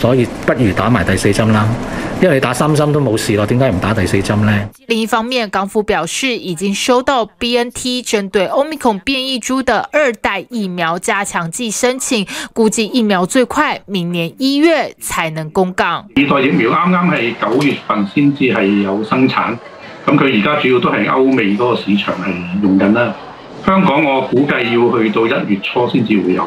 所以不如打埋第四針啦，因為你打三針都冇事咯，點解唔打第四針咧？另一方面，港府表示已經收到 BNT 針對 Omicron 變異株的二代疫苗加強劑申請，估計疫苗最快明年一月才能供港。二代疫苗啱啱係九月份先至係有生產，咁佢而家主要都係歐美嗰個市場係用緊啦。香港我估計要去到一月初先至會有。